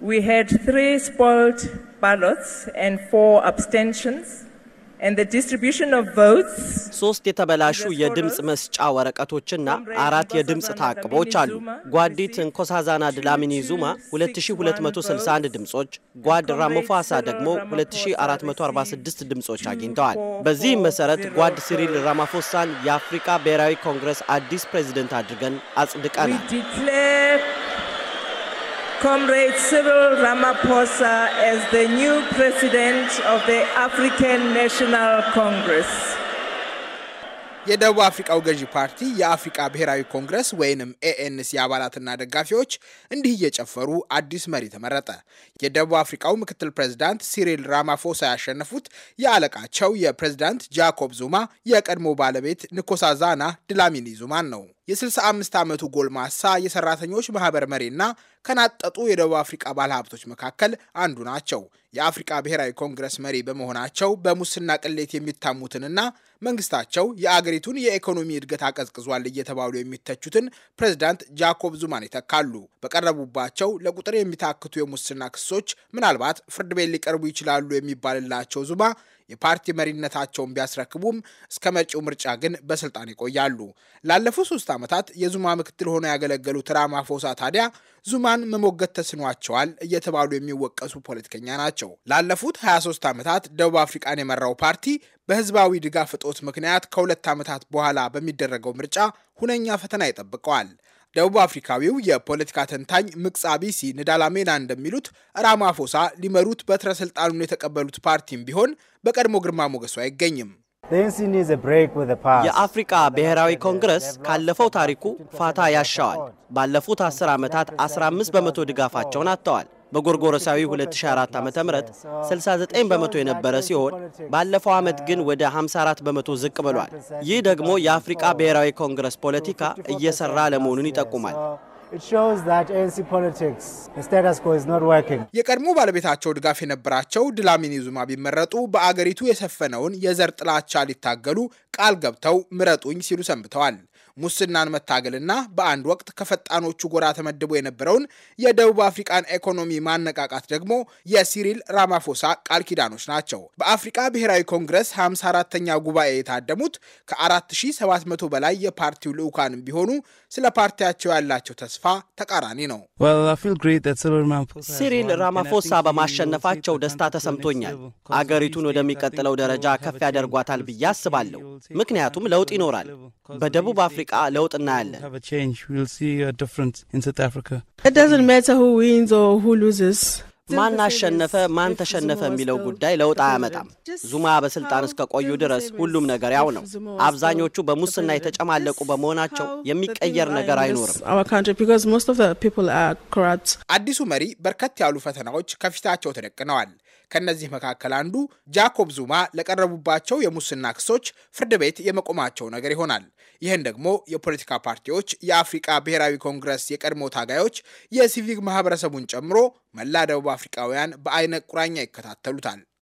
We had three spoiled ballots and four abstentions. ሶስት የተበላሹ የድምፅ መስጫ ወረቀቶችና አራት የድምፅ ታቅቦች አሉ። ጓዲት እንኮሳዛና ድላሚኒ ዙማ 2261 ድምጾች፣ ጓድ ራሞፋሳ ደግሞ 2446 ድምጾች አግኝተዋል። በዚህም መሰረት ጓድ ሲሪል ራማፎሳን የአፍሪካ ብሔራዊ ኮንግረስ አዲስ ፕሬዚደንት አድርገን አጽድቀናል። Comrade Cyril Ramaphosa as the new president of the African National Congress. የደቡብ አፍሪካው ገዢ ፓርቲ የአፍሪካ ብሔራዊ ኮንግረስ ወይንም ኤኤንሲ አባላትና ደጋፊዎች እንዲህ እየጨፈሩ አዲስ መሪ ተመረጠ። የደቡብ አፍሪካው ምክትል ፕሬዚዳንት ሲሪል ራማፎሳ ያሸነፉት የአለቃቸው የፕሬዚዳንት ጃኮብ ዙማ የቀድሞ ባለቤት ንኮሳዛና ድላሚኒ ዙማን ነው። የ65 ዓመቱ ጎልማሳ የሰራተኞች ማህበር መሪና ከናጠጡ የደቡብ አፍሪካ ባለሀብቶች መካከል አንዱ ናቸው። የአፍሪካ ብሔራዊ ኮንግረስ መሪ በመሆናቸው በሙስና ቅሌት የሚታሙትንና መንግስታቸው የአገሪቱን የኢኮኖሚ እድገት አቀዝቅዟል እየተባሉ የሚተቹትን ፕሬዝዳንት ጃኮብ ዙማን ይተካሉ። በቀረቡባቸው ለቁጥር የሚታክቱ የሙስና ክሶች ምናልባት ፍርድ ቤት ሊቀርቡ ይችላሉ የሚባልላቸው ዙማ የፓርቲ መሪነታቸውን ቢያስረክቡም እስከ መጪው ምርጫ ግን በስልጣን ይቆያሉ። ላለፉት ሶስት ዓመታት የዙማ ምክትል ሆነው ያገለገሉት ራማፎሳ ታዲያ ዙማን መሞገት ተስኗቸዋል እየተባሉ የሚወቀሱ ፖለቲከኛ ናቸው። ላለፉት 23 ዓመታት ደቡብ አፍሪቃን የመራው ፓርቲ በህዝባዊ ድጋፍ እጦት ምክንያት ከሁለት ዓመታት በኋላ በሚደረገው ምርጫ ሁነኛ ፈተና ይጠብቀዋል። ደቡብ አፍሪካዊው የፖለቲካ ተንታኝ ምቅጻቢሲ ንዳላሜና እንደሚሉት ራማፎሳ ሊመሩት በትረ ስልጣኑን የተቀበሉት ፓርቲም ቢሆን በቀድሞ ግርማ ሞገሱ አይገኝም። የአፍሪቃ ብሔራዊ ኮንግረስ ካለፈው ታሪኩ ፋታ ያሻዋል። ባለፉት አስር ዓመታት 15 በመቶ ድጋፋቸውን አጥተዋል። በጎርጎረሳዊ 2004 ዓ ም 69 በመቶ የነበረ ሲሆን ባለፈው ዓመት ግን ወደ 54 በመቶ ዝቅ ብሏል። ይህ ደግሞ የአፍሪቃ ብሔራዊ ኮንግረስ ፖለቲካ እየሰራ ለመሆኑን ይጠቁማል። የቀድሞ ባለቤታቸው ድጋፍ የነበራቸው ድላሚኒ ዙማ ቢመረጡ በአገሪቱ የሰፈነውን የዘር ጥላቻ ሊታገሉ ቃል ገብተው ምረጡኝ ሲሉ ሰንብተዋል። ሙስናን መታገልና በአንድ ወቅት ከፈጣኖቹ ጎራ ተመድቦ የነበረውን የደቡብ አፍሪካን ኢኮኖሚ ማነቃቃት ደግሞ የሲሪል ራማፎሳ ቃል ኪዳኖች ናቸው። በአፍሪቃ ብሔራዊ ኮንግረስ 54ተኛ ጉባኤ የታደሙት ከ4700 በላይ የፓርቲው ልዑካንም ቢሆኑ ስለ ፓርቲያቸው ያላቸው ተስፋ ተቃራኒ ነው። ሲሪል ራማፎሳ በማሸነፋቸው ደስታ ተሰምቶኛል። አገሪቱን ወደሚቀጥለው ደረጃ ከፍ ያደርጓታል ብዬ አስባለሁ። ምክንያቱም ለውጥ ይኖራል። በደቡብ አፍሪካ አፍሪቃ ለውጥ እናያለን። ማን አሸነፈ ማን ተሸነፈ የሚለው ጉዳይ ለውጥ አያመጣም። ዙማ በስልጣን እስከቆዩ ድረስ ሁሉም ነገር ያው ነው። አብዛኞቹ በሙስና የተጨማለቁ በመሆናቸው የሚቀየር ነገር አይኖርም። አዲሱ መሪ በርከት ያሉ ፈተናዎች ከፊታቸው ተደቅነዋል። ከእነዚህ መካከል አንዱ ጃኮብ ዙማ ለቀረቡባቸው የሙስና ክሶች ፍርድ ቤት የመቆማቸው ነገር ይሆናል። ይህን ደግሞ የፖለቲካ ፓርቲዎች፣ የአፍሪቃ ብሔራዊ ኮንግረስ የቀድሞ ታጋዮች፣ የሲቪክ ማህበረሰቡን ጨምሮ መላ ደቡብ አፍሪቃውያን በአይነ ቁራኛ ይከታተሉታል።